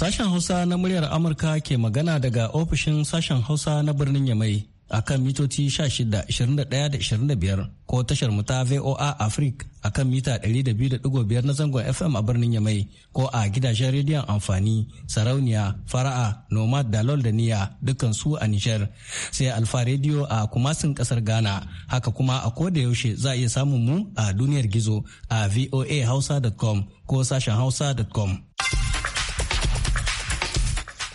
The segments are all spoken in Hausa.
Sashen Hausa na muryar Amurka ke magana daga ofishin sashen Hausa na birnin Yamai a kan mitoci 16, 21 ko tashar mu ta VOA Africa a kan mita 200.5 na zangon FM a birnin Yamai ko a gidajen rediyon amfani sarauniya fara'a nomad da lol da niya dukkan su a Nijar sai alfa rediyo a kumasin kasar Ghana haka kuma a koda yaushe za a iya samun mu a duniyar gizo a voahausa.com ko sashen hausa.com.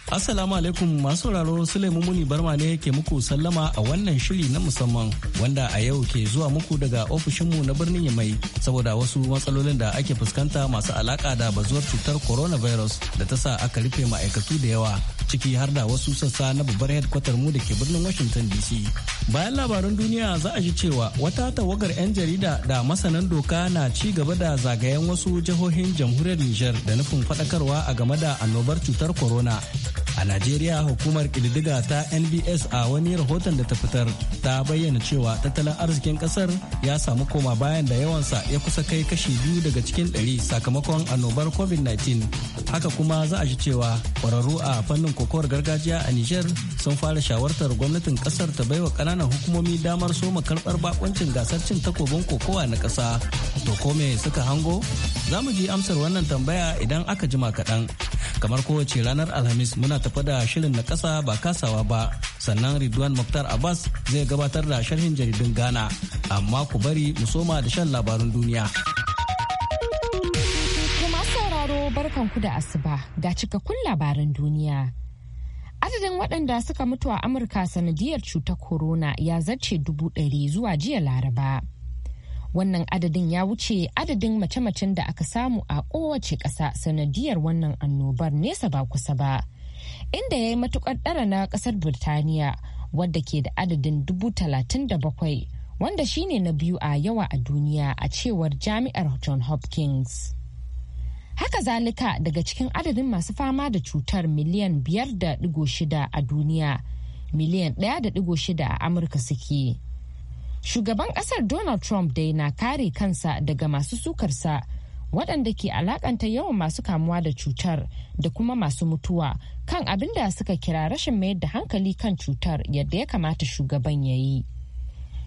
Assalamu alaikum masu sauraro Sulaiman Muni Barma ne ke muku sallama a wannan shiri na musamman wanda a yau ke zuwa muku daga ofishinmu na birnin Yamai saboda wasu matsalolin da ake fuskanta masu alaka da bazuwar cutar coronavirus da ta sa aka rufe ma'aikatu da yawa ciki har da wasu sassa na babbar headquarter mu da ke birnin Washington DC. bayan labaran duniya za a ji cewa wata tawagar 'yan jarida da masanan doka na ci gaba da zagayen wasu jihohin jamhuriyar Niger da nufin faɗakarwa a game da annobar cutar corona A Najeriya hukumar ƙididdiga ta NBS a wani rahoton da ta fitar ta bayyana cewa tattalin arzikin ƙasar ya samu koma bayan da yawansa ya kusa kai kashi biyu daga cikin ɗari sakamakon annobar COVID-19. Haka kuma za a ji cewa ƙwararru a fannin kokowar gargajiya a Nijar sun fara shawartar gwamnatin ƙasar ta baiwa ƙananan hukumomi damar soma karɓar bakoncin gasar cin takobin kokowa na ƙasa. To ko me suka hango? Za mu ji amsar wannan tambaya idan aka jima kaɗan. Kamar kowace ranar Alhamis muna tafi da shirin na kasa ba kasawa ba sannan ridwan muktar abbas zai gabatar da sharhin jaridun ghana amma ku bari mu soma da shan labarun duniya barkan barkanku da asuba ga cikakkun labaran duniya adadin waɗanda suka mutu a amurka sanadiyar cutar corona ya zarce dubu ɗari zuwa jiya laraba wannan adadin ya wuce adadin mace-macen da aka samu a kowace ƙasa sanadiyar wannan annobar nesa ba kusa ba inda ya yi matukar ɗara na ƙasar Birtaniya wadda ke da adadin dubu talatin da bakwai wanda shine na biyu a yawa a duniya a cewar jami'ar John Hopkins. Haka zalika daga cikin adadin masu fama da cutar miliyan biyar da digo shida a duniya, miliyan ɗaya da digo shida a Amurka suke. Shugaban ƙasar Donald Trump dai na kare kansa daga masu sukarsa waɗanda ke alakanta yawan masu kamuwa da cutar da kuma masu mutuwa kan abin da suka kira rashin mayar da hankali kan cutar yadda ya kamata shugaban ya yi.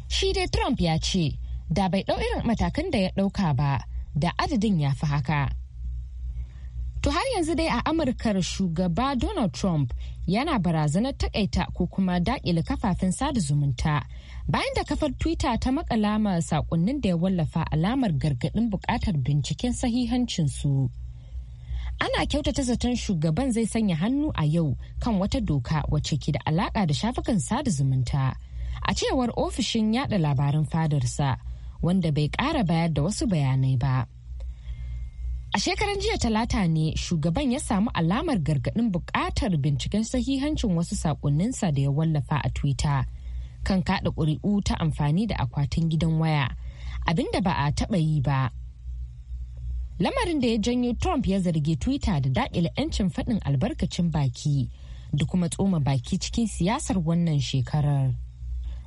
Shi dai Trump ya ce, da bai ɗau irin matakan da ya ɗauka ba, da adadin ya fi haka. yanzu dai a Amurkar shugaba Donald Trump yana barazanar takaita ko kuma dakile kafafen sada zumunta. Bayan da kafar Twitter ta ma sakonnin da ya wallafa alamar gargadin bukatar binciken sahihancinsu. Ana kyautata zaton shugaban zai sanya hannu a yau kan wata doka wacce ke da alaka da shafukan sada zumunta. A cewar ofishin yada labaran fadarsa, wanda bai ƙara bayar da wasu bayanai ba. A shekaran jiya talata ne shugaban ya samu alamar gargaɗin buƙatar binciken sahihancin wasu saƙonninsa da ya wallafa a Twitter kan kaɗa ƙuri'u ta amfani da akwatin gidan waya abinda ba a taɓa yi ba. Lamarin da ya janyo Trump ya zargi Twitter da daƙile 'yancin faɗin albarkacin baki da kuma tsoma baki cikin siyasar wannan shekarar.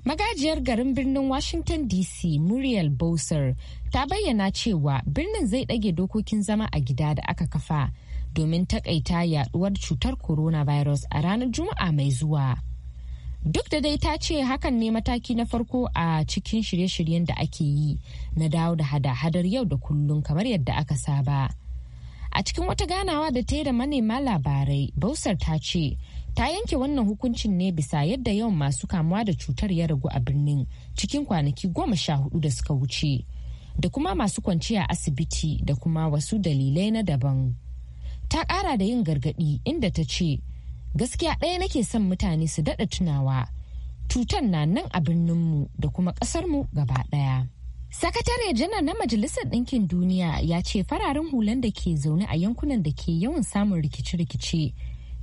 Magajiyar garin birnin Washington DC Muriel Bowser ta bayyana cewa birnin zai ɗage dokokin zama a gida da aka kafa domin takaita yaduwar cutar coronavirus a ranar Juma'a mai zuwa. Duk da dai ta ce hakan ne mataki na farko a cikin shirye-shiryen da ake yi na dawo da hada-hadar yau da kullum kamar yadda aka saba. A cikin wata ganawa da ta yi da manema labarai, Bowser ta ce ta yanke wannan hukuncin ne bisa yadda yawan masu kamuwa da cutar ya ragu a birnin cikin kwanaki goma sha hudu da suka wuce da kuma masu kwanciya asibiti da kuma wasu dalilai na daban ta kara da yin gargadi inda ta ce gaskiya ɗaya nake son mutane su daɗa tunawa cutar na nan a birninmu da kuma mu gaba ɗaya sakatare janar na majalisar ɗinkin duniya ya ce fararen hulan da ke zaune a yankunan da ke yawan samun rikice-rikice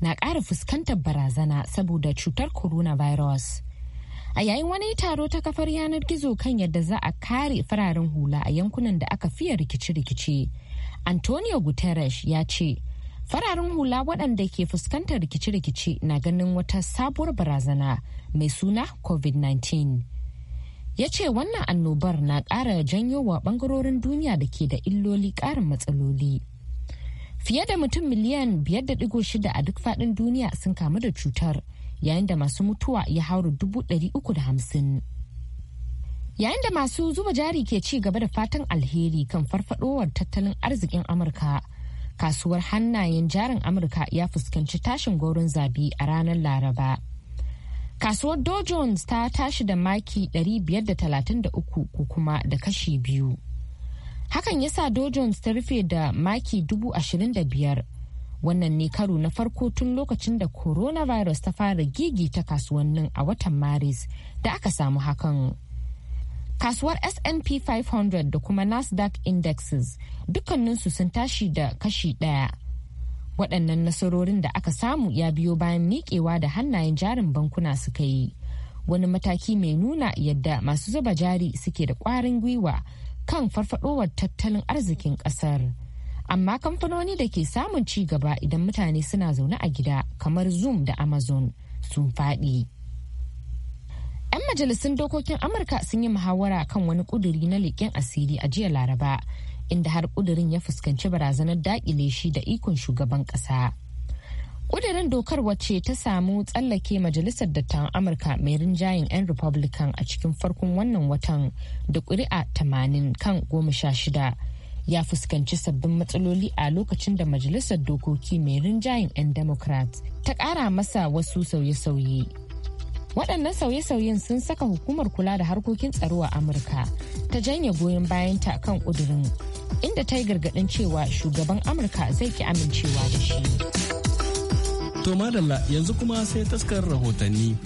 na ƙara fuskantar barazana saboda cutar coronavirus. A yayin wani taro ta kafar yanar gizo kan yadda za a kare fararen hula a yankunan da aka fiye rikice-rikice. Antonio Guterres ya ce, fararen hula waɗanda ke fuskantar rikice-rikice na ganin wata sabuwar barazana mai suna COVID-19. Ya ce wannan annobar na ƙara janyo wa ɓangarorin duniya da ke da illoli ƙarin matsaloli. Fiye da mutum miliyan 5.6 a duk fadin duniya sun kamu da cutar, yayin da masu mutuwa ya haura 350. Yayin da masu zuba jari ke ci gaba da fatan alheri kan farfadowar tattalin arzikin Amurka, kasuwar hannayen jarin Amurka ya fuskanci tashin gaurin zabi a ranar Laraba. Kasuwar Dow Jones ta tashi da maki 533 ko kuma da kashi biyu. hakan ya sa dow ta rufe da maki dubu ashirin da biyar wannan ne karo na farko tun lokacin da coronavirus ta fara gigi ta kasuwannin a watan maris da aka samu hakan kasuwar S&P 500 da kuma Nasdaq Indexes dukkaninsu sun tashi da kashi daya Waɗannan nasarorin da aka samu ya biyo bayan miƙewa da hannayen jarin bankuna suka yi. Wani mataki mai nuna yadda masu zuba jari suke da ƙwarin gwiwa kan farfadowar tattalin arzikin kasar. Amma kamfanoni da ke samun ci gaba idan mutane suna zaune a gida kamar Zoom da Amazon sun faɗi. 'Yan majalisun dokokin Amurka sun yi muhawara kan wani ƙuduri na leƙen asiri a jiya Laraba, inda har ƙudurin ya fuskanci barazanar daƙile shi da ikon shugaban ƙasa. ƙudurin dokar wacce ta samu tsallake majalisar dattawan amurka mai rinjayen 'yan republican a cikin farkon wannan watan da ƙuri'a 80 kan 16 ya fuskanci sabbin matsaloli a lokacin da majalisar dokoki mai rinjayen 'yan democrat ta kara masa wasu sauye-sauye waɗannan sauye-sauyen sun saka hukumar kula da harkokin tsaro a amurka ta janye goyon bayanta kan ƙudurin inda ta yi gargaɗin cewa shugaban amurka zai ki amincewa da shi. To madalla yanzu kuma sai taskar rahotanni.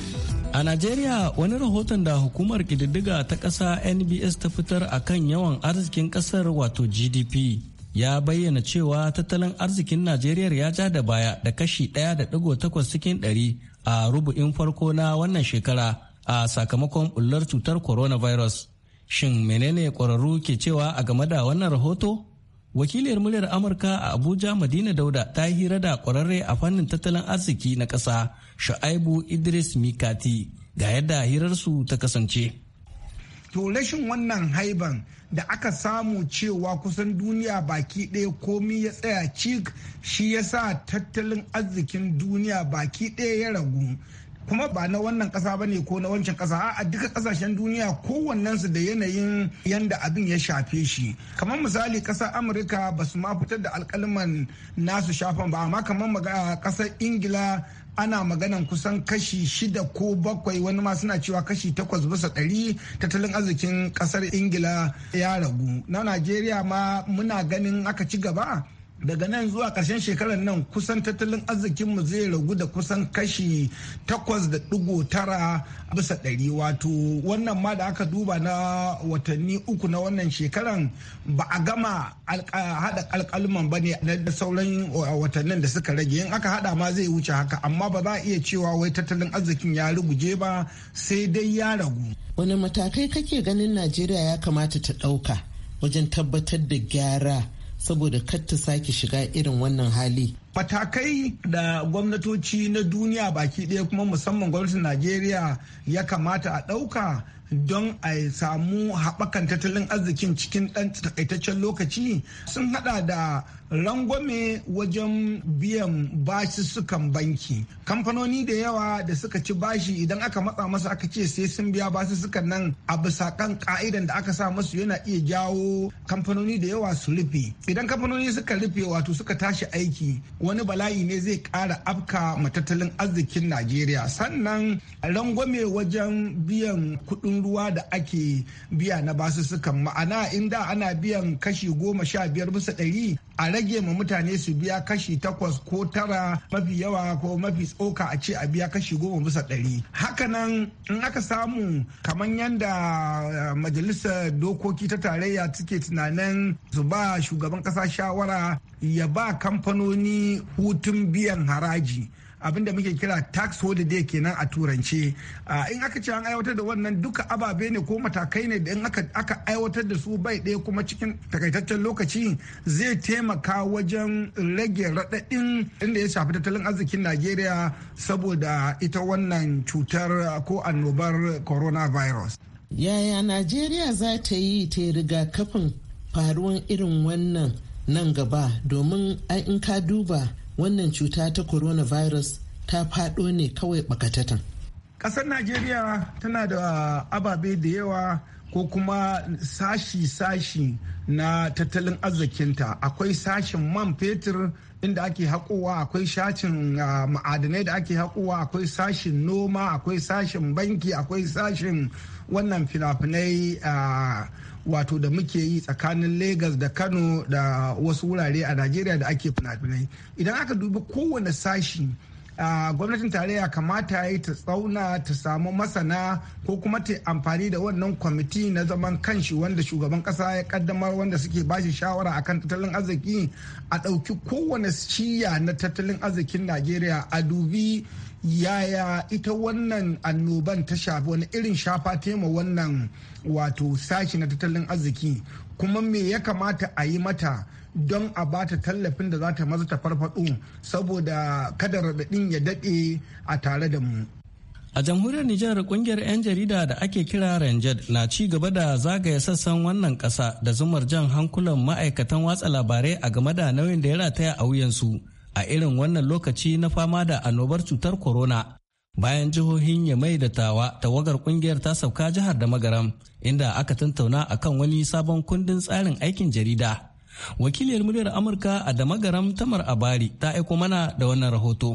A Najeriya wani rahoton da hukumar ƙididdiga ta ƙasa NBS ta fitar a kan yawan arzikin ƙasar wato GDP ya bayyana cewa tattalin arzikin Najeriya ya ja da baya da kashi ɗaya da 1.8 cikin ɗari a rubu'in farko na wannan shekara a sakamakon bullar cutar coronavirus. Shin menene ƙwararru ke cewa a game da wannan rahoto? wakiliyar muryar amurka a abuja madina dauda ta yi hira da ƙwararre a fannin tattalin arziki na ƙasa sha'aibu idris mikati ga yadda hirarsu ta kasance to rashin wannan haiban da aka samu cewa kusan duniya baki ɗaya komi ya tsaya cik shi ya sa tattalin arzikin duniya baki ɗaya ya ragu kuma ba na wannan kasa ba ne ko na wancan kasa a duka kasashen duniya kowannensu da yanayin yanda abin ya shafe shi kamar misali kasar amurka ba su ma fitar da alkaliman nasu shafan ba amma kamar kasar ingila ana maganan kusan kashi shida ko bakwai wani ma suna cewa kashi takwas bisa ɗari tattalin arzikin kasar ingila ya ragu na najeriya ma muna ganin aka ci gaba daga nan zuwa karshen shekarar nan kusan tattalin arzikinmu zai ragu da kusan kashi 8.9 bisa ɗari wato wannan ma da aka duba na watanni uku na wannan shekaran ba a gama hada alƙalman ba ne da sauran uh, watannin da suka rage in aka hada ma zai wuce haka amma ba za a iya cewa wai tattalin arzikin ya ruguje ba sai dai ya ragu wani matakai kake ganin najeriya ya kamata ta ɗauka wajen tabbatar da gyara saboda kar ta sake shiga irin wannan hali matakai da gwamnatoci na duniya baki ɗaya kuma musamman gwamnatin najeriya ya kamata a ɗauka don a samu haɓakan tattalin arzikin cikin ɗan takaitaccen lokaci sun haɗa da rangwame wajen biyan basussukan banki kamfanoni da yawa da suka ci bashi idan aka matsa masa aka ce sai sun biya basussukan nan a bisa kan ka'idan da aka sa masu yana iya jawo kamfanoni da yawa su rufe idan kamfanoni suka rufe wato suka tashi aiki wani bala'i ne zai ƙara afka matattalin arzikin najeriya sannan rangwame wajen biyan kuɗin ruwa da ake biya na basussukan ma'ana inda ana biyan kashi goma sha biyar bisa ɗari a rage ma mutane su biya kashi takwas ko tara mafi yawa ko mafi tsoka a ce a biya kashi goma bisa ɗari hakanan in aka samu kamar yadda eh, majalisar dokoki ta tarayya suke tunanin su ba shugaban ƙasa shawara ya ba kamfanoni hutun biyan haraji abin da muke kira tax holiday kenan a turance in aka ce an aiwatar da wannan duka ababe ne ko matakai ne da in aka aiwatar da su bai ɗaya kuma cikin takaitaccen lokaci zai taimaka wajen rage raɗaɗin inda ya shafi tattalin arzikin najeriya saboda ita wannan cutar ko annobar coronavirus yaya najeriya za ta yi ta rigakafin faruwan irin wannan nan gaba domin in ka duba wannan cuta ta coronavirus ta faɗo ne kawai bakatatan. ƙasar najeriya tana da ababe da yawa ko kuma sashi-sashi na tattalin arzikinta akwai sashin man fetur inda ake haƙowa akwai sashin ah, ma'adanai da ake haƙowa akwai sashin noma akwai sashin banki akwai sashin wannan finafinai finai wato da muke yi tsakanin Legas da Kano da wasu wurare a Najeriya da ake finafinai Idan aka dubi kowane sashi a gwamnatin tarayya kamata ya yi ta tsauna ta samu masana ko kuma ta amfani da wannan kwamiti na zaman kanshi wanda shugaban kasa ya kaddamar wanda suke bashi shawara akan tattalin arziki a ɗauki kowane shiya na tattalin arzikin najeriya a dubi yaya ita wannan annoban ta shafi wani irin shafa tema wannan wato sashi na tattalin arziki kuma me ya kamata a yi mata don a bata tallafin da za ta maza ta farfado saboda kada raɗaɗin ya daɗe a tare da mu a jamhuriyar nijar kungiyar 'yan jarida da ake kira ranger na ci gaba da zagaya sassan wannan kasa da zumar jan hankulan ma'aikatan watsa labarai a game da nauyin da ya rataya a wuyansu a irin wannan lokaci na fama da annobar cutar corona bayan jihohin ya mai da tawa tawagar kungiyar ta sauka jihar da magaram inda aka tantauna kan wani sabon kundin tsarin aikin jarida wakiliyar muryar amurka a da magaram tamar abari ta aiko mana da wannan rahoto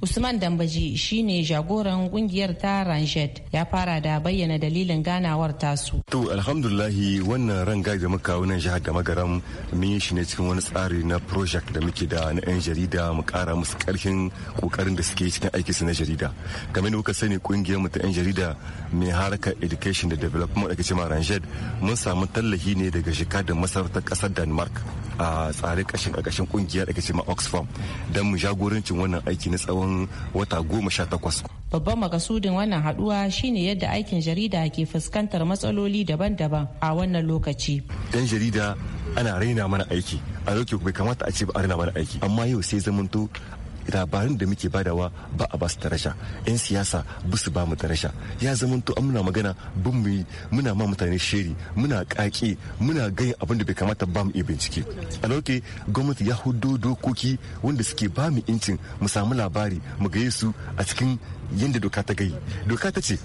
Usman Dambaji shine jagoran kungiyar ta Ranjet ya fara da bayyana dalilin ganawar tasu. To alhamdulahi wannan rangaji da muka wannan jihar da magaram mun yi shi ne cikin wani tsari na project da muke da na 'yan jarida mu kara musu karfin kokarin da suke cikin aikinsu na jarida. Kamar da kuka sani kungiyar mu ta 'yan jarida mai harkar education da development ake cewa Ranjet mun samu tallafi ne daga da masar ta kasar Denmark a tsare kashin kashin kungiyar ake cewa Oxfam don mu jagorancin wannan aiki na tsawon tsawon wata goma sha takwas. Babban makasudin wannan haduwa shine yadda aikin jarida ke fuskantar matsaloli daban-daban a wannan lokaci. Yan jarida ana raina mana aiki a yau bai kamata a ce ba a raina mana aiki amma yau sai zamanto labarin da muke badawa ba a basu rasha yan siyasa ba su ba mu tarasha ya zama to muna magana bin mu yi muna ma mutane sheri muna kaki muna gani abin da bai kamata ba mu iya bincike a lauke gwamnati ya hudo dokoki wanda suke ba mu incin mu samu labari mu gaye su a cikin yadda doka ta gayi doka ta ce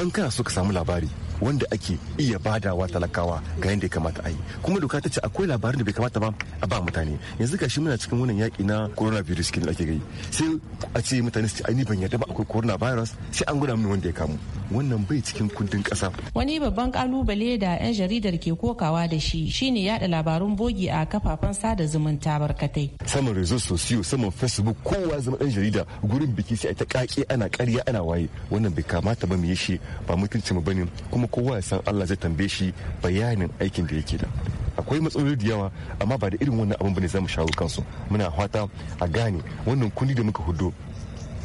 an kana so ka samu labari wanda ake iya badawa talakawa ga yadda ya kamata a yi kuma doka ta ce akwai labarin da bai kamata ba a ba mutane yanzu gashi muna cikin wannan yaƙi na coronavirus kin ake gai sai a ce mutane su ce ban yarda ba akwai coronavirus sai an gwada mini wanda ya kamu wannan bai cikin kundin ƙasa wani babban kalubale da 'yan jaridar ke kokawa da shi shine yada labarun bogi a kafafen sada zumunta barkatai saman rezo sosiyo saman facebook kowa zama ɗan jarida gurin biki sai ta kaki ana ƙarya ana waye wannan bai kamata ba mu yi shi ba mutunci mu bane kuma kuma kowa ya san Allah zai tambaye shi bayanin aikin da yake da akwai matsaloli da yawa amma ba da irin wannan abin bane zamu shawo kansu muna fata a gane wannan kundi da muka hudo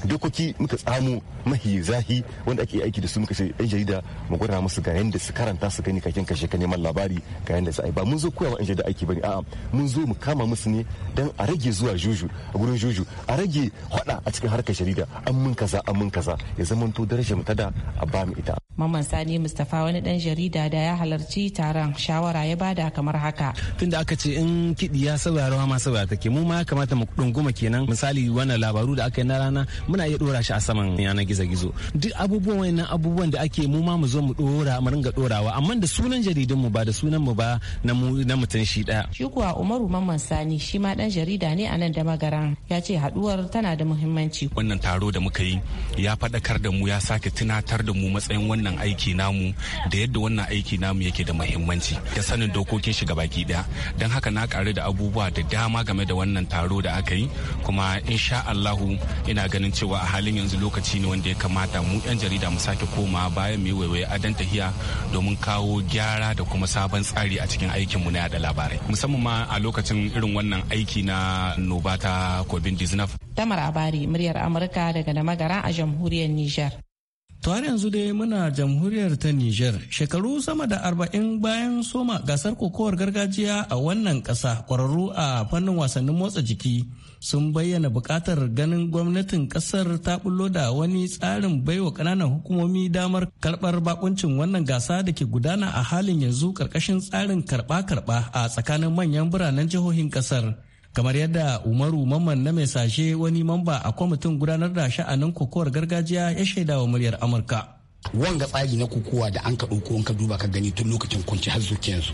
dokoki muka tsamo mahi zahi wanda ake aiki da su muka ce yan jarida mu gwada musu ga yanda su karanta su gani kakin kashe ka neman labari ga yanda su ba mun zo koyawa yan jarida aiki bane a'a mun zo mu kama musu ne dan a rage zuwa juju a gurin juju a rage hada a cikin harkar jarida an mun kaza an mun kaza ya zamanto darajar mu tada a ba mu ita Maman Sani Mustapha wani dan jarida da ya halarci taron shawara ya bada kamar haka. Tunda aka ce in kiɗi ya saurarawa ma saurara take mu ma ya kamata mu ke kenan misali wannan labaru da aka yi na rana muna iya dora shi a saman yanar gizo-gizo duk abubuwan wayannan abubuwan da ake mu ma mu zo mu dora mu ringa dorawa amma da sunan jaridun mu ba da sunan mu ba na mu mutum shi daya shi kuwa Umaru Mamman Sani shi ma dan jarida ne a nan da magaran ya ce haduwar tana da muhimmanci wannan taro da muka yi ya faɗakar da mu ya sake tunatar da mu matsayin wannan aiki namu da yadda wannan aiki namu yake da muhimmanci da sanin dokokin shiga baki daya don haka na karu da abubuwa da dama game da wannan taro da aka yi kuma insha Allahu ina ganin cewa a halin yanzu lokaci ne wanda ya kamata mu 'yan jarida mu sake koma bayan mu waiwaye adan tahiya domin kawo gyara da kuma sabon tsari a cikin aikinmu na yada labarai musamman ma a lokacin irin wannan aiki na noba ta covid-19 tamar abari muryar amurka daga da magara a jamhuriyar niger har yanzu dai muna jamhuriyar ta niger shekaru sama da arba'in bayan soma gasar kokowar gargajiya a wannan kasa kwararru a fannin wasannin motsa jiki sun bayyana buƙatar ganin gwamnatin ƙasar ta bullo da wani tsarin baiwa ƙananan hukumomi damar karɓar bakuncin wannan gasa da ke gudana a halin yanzu ƙarƙashin tsarin karɓa-karɓa a tsakanin manyan biranen jihohin ƙasar. kamar yadda umaru mamman na mai sashe wani mamba a kwamitin gudanar da sha'anin kokowar gargajiya ya shaidawa muryar amurka wanga tsari na kokowa da an ka ɗauko an ka duba ka gani tun lokacin kunci har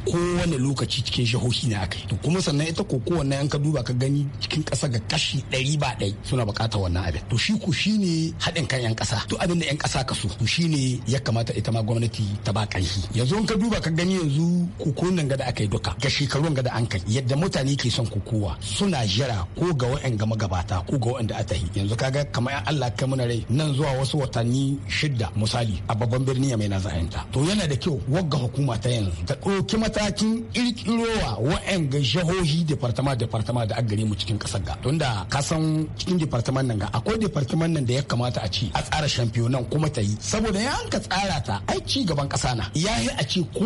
Ko kowane lokaci cikin shahohi ne aka yi to kuma sannan ita kokowa na an ka duba ka gani cikin ƙasa ga kashi ɗari ba ɗai suna buƙatar wannan abin to shi ku shi ne haɗin kan 'yan ƙasa to abin da 'yan ƙasa ka so to shi ne ya kamata ita ma gwamnati ta ba ƙarfi yanzu an ka duba ka gani yanzu kokowar nan gada aka yi duka ga shekarun gada an kai yadda mutane ke son kokowa suna jira ko ga wa'en gama gabata ko ga da aka yi yanzu kaga kamar Allah kai muna rai nan zuwa wasu watanni shidda misali a babban birni mai na zahanta to yana da kyau wagga hukuma ta yanzu ta ɗauki matakin ƙirƙirowa ga jihohi departama departama da aggare mu cikin ƙasar ga tunda ka san cikin departaman nan ga akwai departaman nan da ya kamata a ci a tsara shampiyonan kuma ta yi saboda ya ka tsara ta ai ci gaban ƙasa na ya yi a ce ko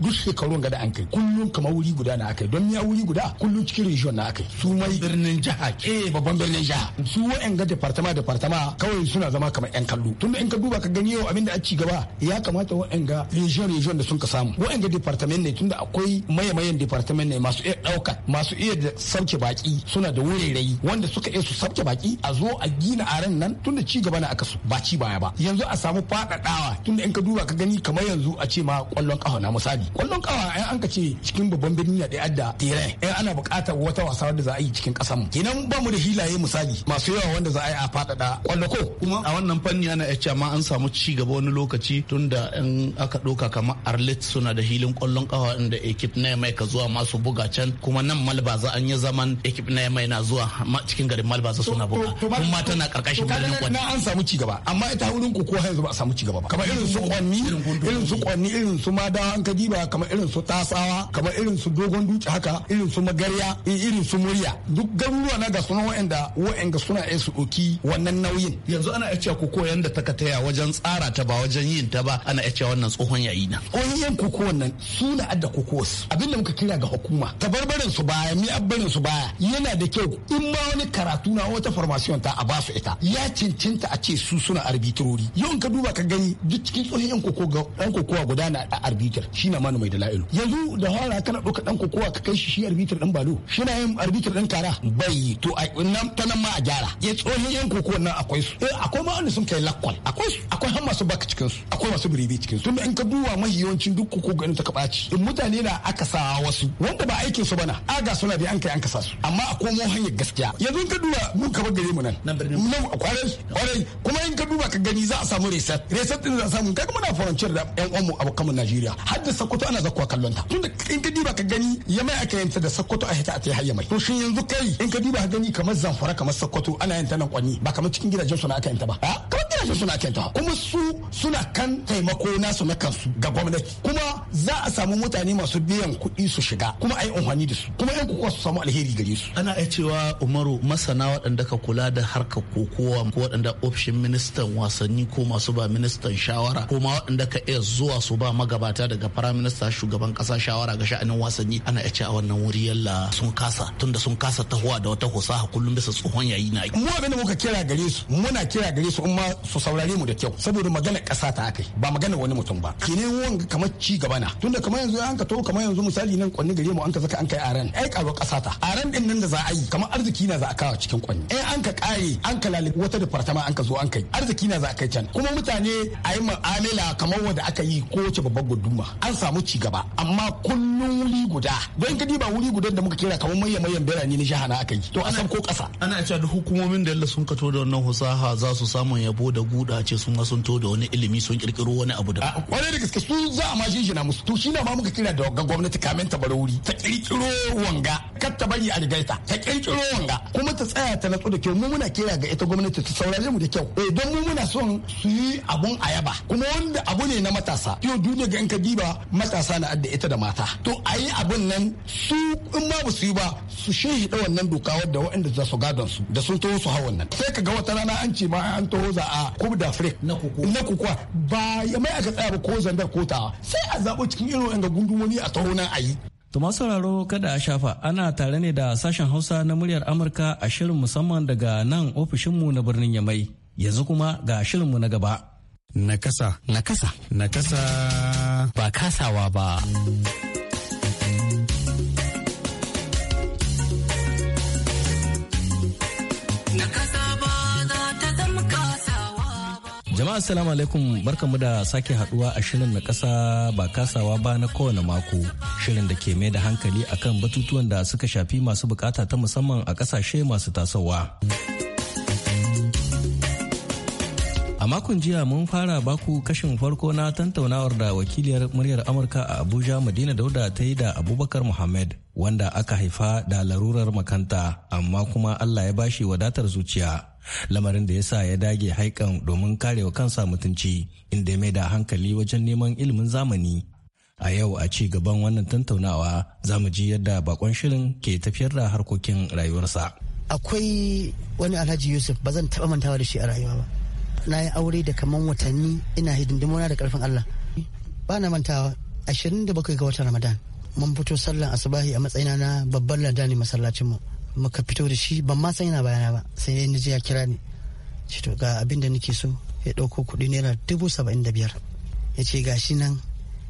duk shekarun gada an kai kullum kamar wuri guda na akai don ya wuri guda kullum cikin region na akai su mai birnin jiha eh babban birnin jiha su ga departama departama kawai suna zama kamar yan kallo tunda in ka duba ka gani yau abin da ci gaba ya kamata wa'anga region region da sun ka samu wa'anga department ne tunda akwai maye-mayen department ne masu iya dauka masu iya da sauke baki suna da wurirai wanda suka iya su sauke baki a zo a gina aran nan tunda ci gaba na aka su ba ci baya ba yanzu a samu faɗaɗawa tunda in ka duba ka gani kamar yanzu a ce ma kwallon kafa na misali kwallon kafa ai an ka ce cikin babban birni a da da tere ai ana buƙatar wata wasa da za a yi cikin mu kenan ba mu da hilaye misali masu yawa wanda za a yi a faɗaɗa kwallo ko kuma a wannan fanni ana iya ma an samu ci gaba ba wani lokaci tunda in aka ɗauka kamar arlet suna da hilin kwallon kawa inda ekip na mai ka zuwa masu buga can kuma nan malbaza an yi zaman ekip na mai na zuwa cikin garin malbaza suna buga kuma tana karkashin birnin kwanni na an samu cigaba amma ita wurin ku ko yanzu ba a samu cigaba ba kamar irin su kwanni irin su kwanni irin su madawa an ka diba kamar irin su tasawa kamar irin su dogon duci haka irin su magarya irin su murya duk garuruwa na ga suna wa'anda wa'anda suna su ɗoki wannan nauyin yanzu ana iya cewa ku koyan da takataya wajen tsara ta ba wajen yin ta ba ana iya cewa wannan tsohon yayi na yan kukuwan nan su na adda kukuwas abinda muka kira ga hukuma tabarbarin su baya ni abbarin su baya yana da kyau in ma wani karatu na wata farmasiyon ta a ba su ita ya cancanta a ce su suna arbitrori yau ka duba ka gani duk cikin tsohon yan kokowa yan a guda na a arbitrar shi na manu mai dala'ilu yanzu da hawa kana ɗauka ɗan kokowa ka kai shi shi arbitrar ɗan balo shi na yin arbitrar ɗan kara bai to a nan ta nan ma a gyara ya tsohon yan kokowa nan akwai su eh, akwai ma wanda sun kai lakwal akwai su akwai har masu baka cikin su akwai masu biribi cikin su tunda in ka duba mahi yawancin duk ko ganin ta kaɓaci in mutane na aka sa wasu wanda ba aikin su bana aga suna bi an kai an kasa su amma a komo hanyar gaskiya yanzu in ka duba mun kaba gare mu nan nan kwarai kwarai kuma in ka duba ka gani za a samu reset reset din za a samu kuma na farancin da yan uwanmu a mu Najeriya har da Sokoto ana zakwa kallon ta tunda in ka duba ka gani yamai aka yanta da Sokoto a hita a tai hayya to shin yanzu kai in ka duba ka gani kamar Zamfara kamar Sokoto ana yanta nan kwani ba kamar cikin gidajen su na aka yanta ba kamar gidajen su na aka yanta kuma su suna kan taimako nasu na kansu ga gwamnati kuma za a samu mutane masu biyan kuɗi su shiga kuma a yi amfani da su kuma yan kokowa su samu alheri gare su ana iya cewa umaru masana waɗanda ka kula da harkar kokowa ko waɗanda ofishin ministan wasanni ko masu ba ministan shawara ko ma waɗanda ka iya zuwa su ba magabata daga minister shugaban ƙasa shawara ga sha'anin wasanni ana iya a wannan wuri yalla sun kasa tunda sun kasa tahowa da wata husaha kullum bisa tsohon yayi na mu abinda muka kira gare su muna kira gare su in ma su saurare mu da kyau saboda magana kasa ta akai ba magana wani mutum ba kenan wanga kamar ci gaba na tunda kamar yanzu an ka to kamar yanzu misali nan kwanni gare mu an ka saka an kai aran ai karo kasa ta aran din nan da za a yi kamar arziki na za a kawo cikin kwanni ai an ka kare an ka lalabi wata departama an ka zo an kai arziki na za a kai can kuma mutane a yi mu'amala kamar wanda aka yi ko wace babbar guduma an samu ci gaba amma kullum wuri guda don ka diba wuri gudan da muka kira kamar mayan mayan birane na na aka yi to a ko kasa. ana cewa duk hukumomin da yalla sun kato da wannan husaha za su samu yabo da guda ce sun ga sun to da wani ilimi sun kirkiro wani abu da wani da gaske su za a mashin shi na musu to shi na ma muka kira da gwamnati kamin ta bar wuri ta kirkiro wanga kar ta bari a rigaita ta kirkiro wanga kuma ta tsaya ta natsu da kyau mu muna kira ga ita gwamnati ta saurare mu da kyau eh don mu muna son su yi abun ayaba kuma wanda abu ne na matasa yau duniya ga in ka diba matasa na adda ita da mata to a yi abun nan su in ma ba su yi ba su da wannan doka wadda waɗanda za su gadon su da sun taho su hawan nan sai ka ga wata rana an ce ma an taho za a kub da frek na kukuwa ba mai aka tsaya ba ko zandar ko ta sai a zabo cikin irin wanda gundumoni a taho nan a yi To sauraro kada a shafa ana tare ne da sashen Hausa na muryar Amurka a shirin musamman daga nan ofishinmu na birnin Yamai. Yanzu kuma ga shirinmu na gaba. Nakasa. Nakasa. Nakasa. Ba kasawa ba. Jama'a assalamu alaikum barkamu da sake haduwa a shirin na kasa ba kasawa ba na kowane mako shirin da ke mai da hankali akan batutuwan da suka shafi masu bukata ta musamman a kasashe masu tasowa. A makon jiya mun fara baku kashin farko na tantaunawar da wakiliyar muryar Amurka a Abuja Madina Dauda ta yi da Abubakar Muhammad wanda aka haifa da larurar makanta amma kuma Allah ya bashi wadatar zuciya. lamarin da ya sa ya dage haikan domin karewa kansa mutunci inda ya mai da hankali wajen neman ilimin zamani a yau a ci gaban wannan tantaunawa za mu ji yadda bakon shirin ke tafiyar da harkokin rayuwarsa akwai wani alhaji yusuf ba zan taɓa mantawa da shi a rayuwa ba na yi aure da kaman watanni ina hidindimona da karfin allah ba na mantawa ashirin da bakwai ga watan ramadan mun fito sallan asubahi a matsayina na babban ladani masallacin mu muka fito da shi ban ma san yana bayana ba sai ya nije ya kira ni ce to ga abinda da nake so ya ɗauko kuɗi naira dubu saba'in da biyar ya ce ga shi nan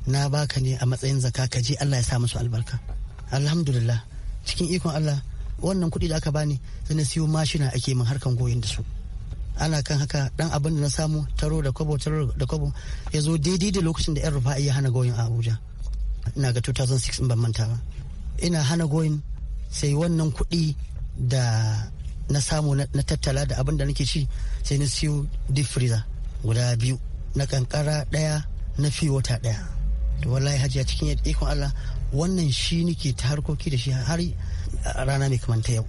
na baka ne a matsayin zaka ka je Allah ya sa musu albarka alhamdulillah cikin ikon Allah wannan kuɗi da aka bani sai na siyo mashina ake min harkan goyon da su ana kan haka dan abin da na samu taro da kwabo taro da kwabo ya zo daidai da lokacin da yan rufa'i ya hana goyin a abuja ina ga 2006 ban manta ba ina hana goyin sai wannan kuɗi da na samu na tattala da abin da nake ci sai na siyo deep freezer guda biyu na kankara ɗaya na fi wata ɗaya to wallahi a cikin ikon Allah wannan shi nake ta harkoki da shi har rana mai kamanta yau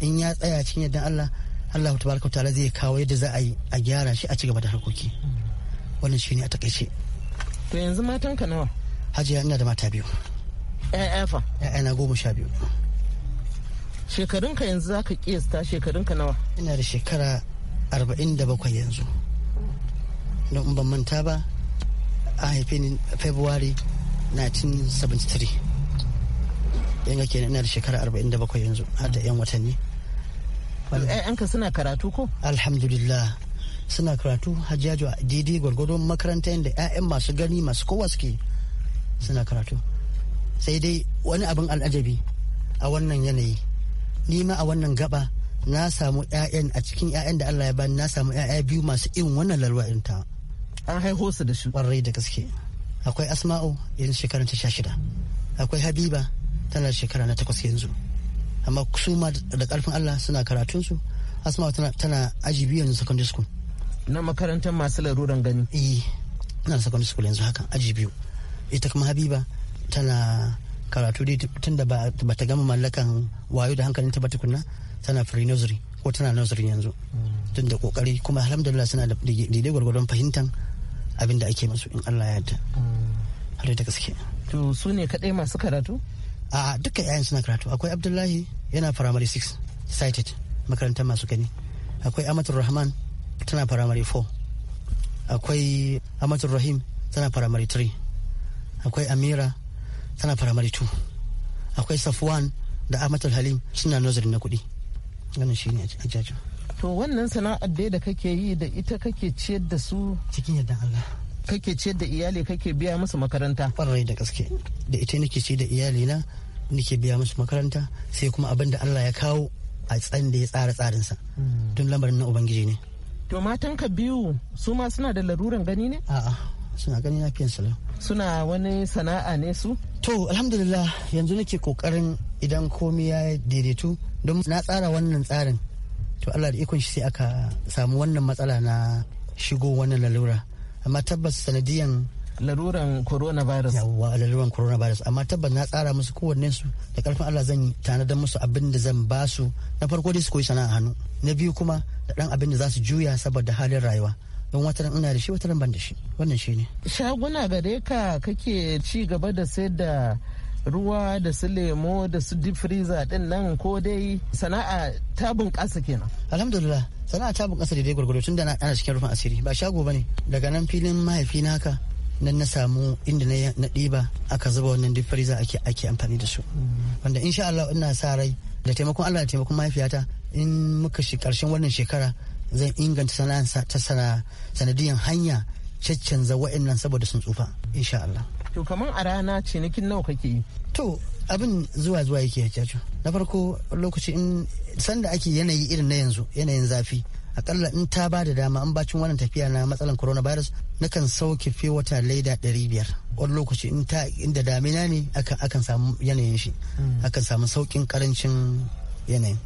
in ya tsaya cikin yadda Allah Allah tabaraka ta'ala zai kawo yadda za a yi a gyara shi a cigaba da harkoki wannan shi ne a takaice to yanzu matanka nawa Hajji ina da mata biyu ƴaƴa fa ƴaƴa na goma sha biyu shekarunka yanzu za ka kiyasta shekarunka nawa ina da shekara 47 yanzu in ban manta ba a haife ni february 1973 yanga kenan ina da shekara 47 yanzu har da yan watanni ƴaƴanka suna karatu ko alhamdulillah suna karatu hajjaju a daidai gwargwadon makaranta yadda 'ya'yan masu gani masu kowa suke suna karatu sai dai wani abin al'ajabi a wannan yanayi ni ma a wannan gaba na samu 'ya'yan a cikin 'ya'yan da Allah ya bani na samu 'ya'ya biyu masu irin wannan lalwa in ta an haihu su da shi kwarai da gaske akwai asma'u yanzu shekara ta shida akwai habiba tana shekara na takwas yanzu amma su ma da karfin Allah suna karatun su asma'u tana, aji biyu yanzu secondary school na makarantar masu laruran gani eh na secondary school yanzu haka aji biyu ita kuma habiba tana karatu dai tun da ba ta gama mallakan wayo da hankalin ta ba tukuna tana free nursery ko tana nursery yanzu mm. tun da kokari kuma alhamdulillah suna da daidai gwargwadon fahimtan abin da ake masu in Allah ya yarda mm. har da gaske to su ne kadai masu karatu a duka yayan suna karatu akwai Abdullahi yana primary 6 cited makarantar masu gani akwai Amatul Rahman tana primary 4 akwai Amatul Rahim tana primary 3 akwai Amira tana firamare tu akwai safwan da amatul halim suna nazarin na kuɗi wannan ne a jajin to wannan sana'ar dai da kake yi da ita kake ciyar da su cikin yadda Allah kake ciyar da iyali kake biya musu makaranta ƙwarai da gaske da ita nake ciyar da iyali na nake biya musu makaranta sai kuma abin da Allah ya kawo a tsan da ya tsara tsarinsa hmm. don lamarin na ubangiji ne to matanka biyu su ma suna da laruran gani ne a'a suna gani lafiyan salam suna wani sana'a ne su to alhamdulillah yanzu nake kokarin idan komi ya daidaitu don na tsara wannan tsarin to allah da ikon shi sai aka samu wannan matsala na shigo wannan lalura amma tabbas sanadiyan laruran coronavirus yawa laruran coronavirus amma tabbas na tsara musu kowanne su da karfin Allah zan tanadar musu abin da zan ba su na farko dai su koyi sana'a hannu na biyu kuma da dan abin da za su juya saboda halin rayuwa don wataran ina da shi wataran ban da shi wannan shi ne shaguna gare ka kake ci gaba da sayar da ruwa da su lemo da su deep freezer din nan ko dai sana'a ta bunƙasa kenan alhamdulillah sana'a ta bunƙasa daidai gwargwado tun da na ana cikin rufin asiri ba shago bane daga nan filin mahaifi naka nan na samu inda na ɗiba aka zuba wannan deep freezer ake ake amfani da su wanda insha Allah ina sa rai da taimakon Allah da taimakon mahaifiyata in muka shi karshen wannan shekara zan inganta ta sanadiyan hanya caccanza wa'annan saboda sun tsufa insha Allah. To kamar a rana cinikin nawa kake yi? To abin zuwa zuwa yake ya cacu. Na farko lokaci in sanda ake yanayi irin na yanzu yanayin zafi akalla in ta ba da dama an bacin wannan tafiya na matsalan coronavirus nakan sauke fi wata laida ɗari biyar wani lokaci in ta inda damina ne akan samu yanayin shi hmm. akan samu saukin karancin yanayin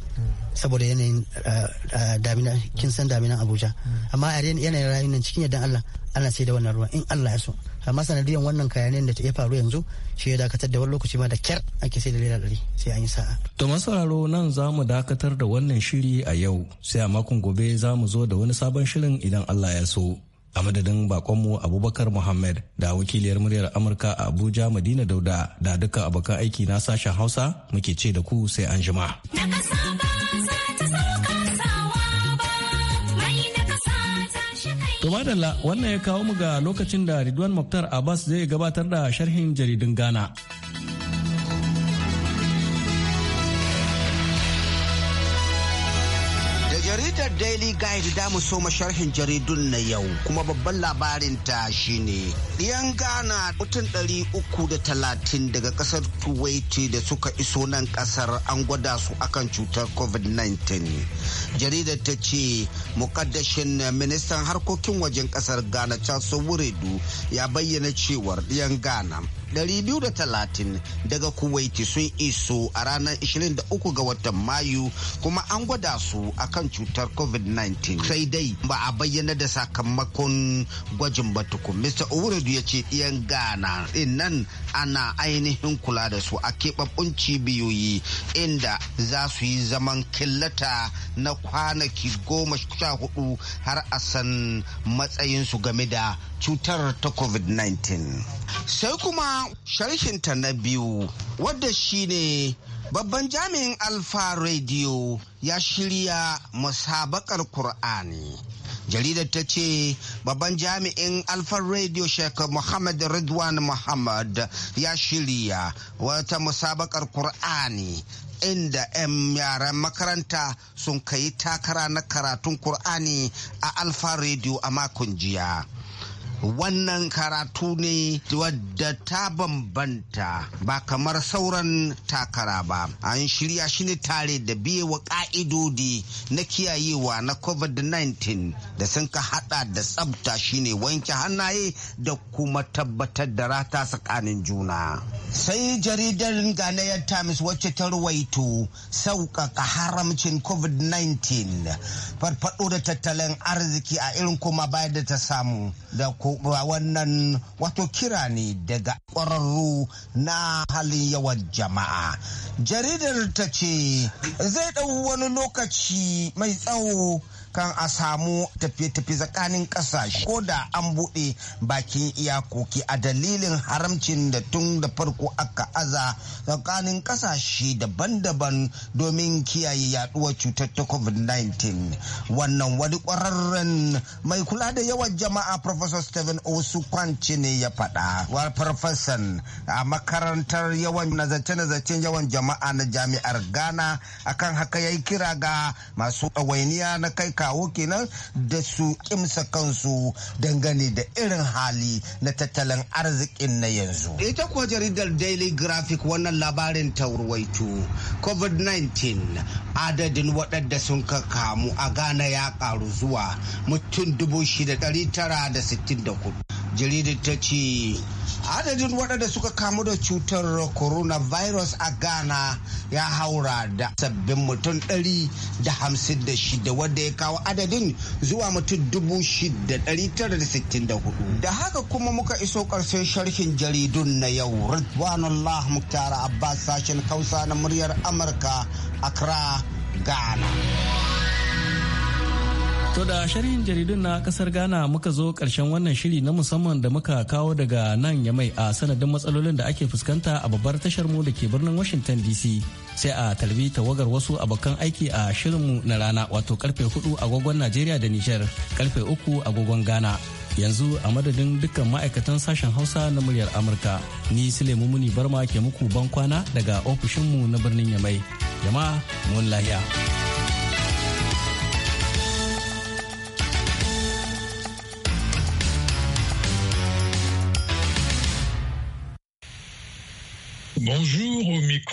saboda yanayin eh, eh, damina kin san daminan abuja amma a yanayin rayuwar nan cikin yadda allah ana sai da wannan ruwan in allah ya so amma sanadiyan wannan kayanin da ta ya faru yanzu shi ya dakatar da wani lokaci ma da kyar ake sai da lera dari sai an yi sa'a. to masararo nan za mu dakatar da wannan shiri a yau sai a makon gobe za mu zo da wani sabon shirin idan allah ya so a madadin bakonmu abubakar muhammad da wakiliyar muryar amurka a abuja madina dauda da duka abokan aiki na sashen hausa muke ce da ku sai an jima madalla wannan ya kawo mu ga lokacin da ridwan muktar abbas zai gabatar da sharhin jaridun ghana Daily Guide da mu so sharhin jaridun na yau kuma babban labarin ta shine ɗiyan Ghana mutum ɗari uku da talatin daga ƙasar Kuwait da suka iso nan ƙasar an gwada su akan cutar COVID-19. Jaridar ta ce mukaddashin ministan harkokin wajen ƙasar Ghana Charles Wuredu ya bayyana cewar ɗiyan Ghana 230 daga kuwaiti sun iso a ranar 23 ga watan mayu kuma an gwada su a kan cutar covid-19 sai dai ba a bayyana da sakamakon gwajin ba mr owuradu ya ce iyan ghana nan ana ainihin kula da su a keɓaɓɓun cibiyoyi inda za su yi zaman killata na kwanaki goma sha hudu har a san matsayinsu game da cutar ta covid-19 sai kuma sharhinta na biyu wadda shine babban jami'in alfa radio ya shirya musabakar kur'ani jaridar ta ce babban jami'in alfa radio sheikh muhammad ridwan muhammad ya shirya wata musabakar kur'ani inda 'yan yaren makaranta sun kai takara na karatun kur'ani a alfa radio a makon jiya wannan karatu ne wadda ta bambanta ba kamar sauran takara ba an shirya shi ne tare da biye wa ka'idodi na kiyayewa na covid-19 da sun ka hada da tsabta shine wanke hannaye da kuma tabbatar da rata tsakanin juna sai jaridar ghanaian times wacce ta ruwaito sauƙaƙa haramcin covid-19 farfado da tattalin arziki a irin kuma bayar da ta samu da kuma wannan wato kira ne daga ƙwararru na halin yawan jama'a jaridar ta ce zai ɗau wani lokaci mai tsawo kan a samu tafiye-tafiye tsakanin ƙasashe ko da an buɗe bakin iyakoki a dalilin haramcin da tun da farko aka aza tsakanin ƙasashe daban-daban domin kiyaye yaduwar cutar ta covid-19 wannan wani ƙwararren mai kula da yawan jama'a professor stephen osukwanci ne ya faɗa war professor a makarantar yawan nazarce-nazarcen yawan jama'a na jami'ar ghana akan haka ya yi kira ga masu ɗawainiya na kai kawo kenan da su kimsa kansu dangane da irin hali na tattalin arzikin na yanzu. Ita kuwa jaridar Daily Graphic wannan labarin taurwaito COVID-19 adadin waɗanda sun ka kamu a Ghana ya ƙaru zuwa mutum 6,964. jaridar ta ce adadin waɗanda suka kamu da cutar coronavirus a ghana ya haura da sabbin mutum ɗari da hamsin da shida wadda ya kawo adadin zuwa mutum dubu shida ɗari tara da sittin da hudu da haka kuma muka iso ƙarshen sharhin jaridun na yau ridwanullah muktara abbas sashen kausa na muryar amurka accra ghana To da sharhin jaridun na kasar Ghana muka zo karshen wannan shiri na musamman da muka kawo daga nan ya mai a sanadin matsalolin da ake fuskanta a babbar tashar mu da ke birnin Washington DC. Sai a talbi tawagar wasu abokan aiki a shirinmu na rana wato karfe 4 agogon Najeriya da Nijar, karfe 3 agogon Ghana. Yanzu a madadin dukkan ma'aikatan sashen Hausa na muryar Amurka, ni Sulemu Muni Barma ke muku ban kwana daga ofishinmu na birnin Yamai. Jama'a mun lahiya. Bonjour au micro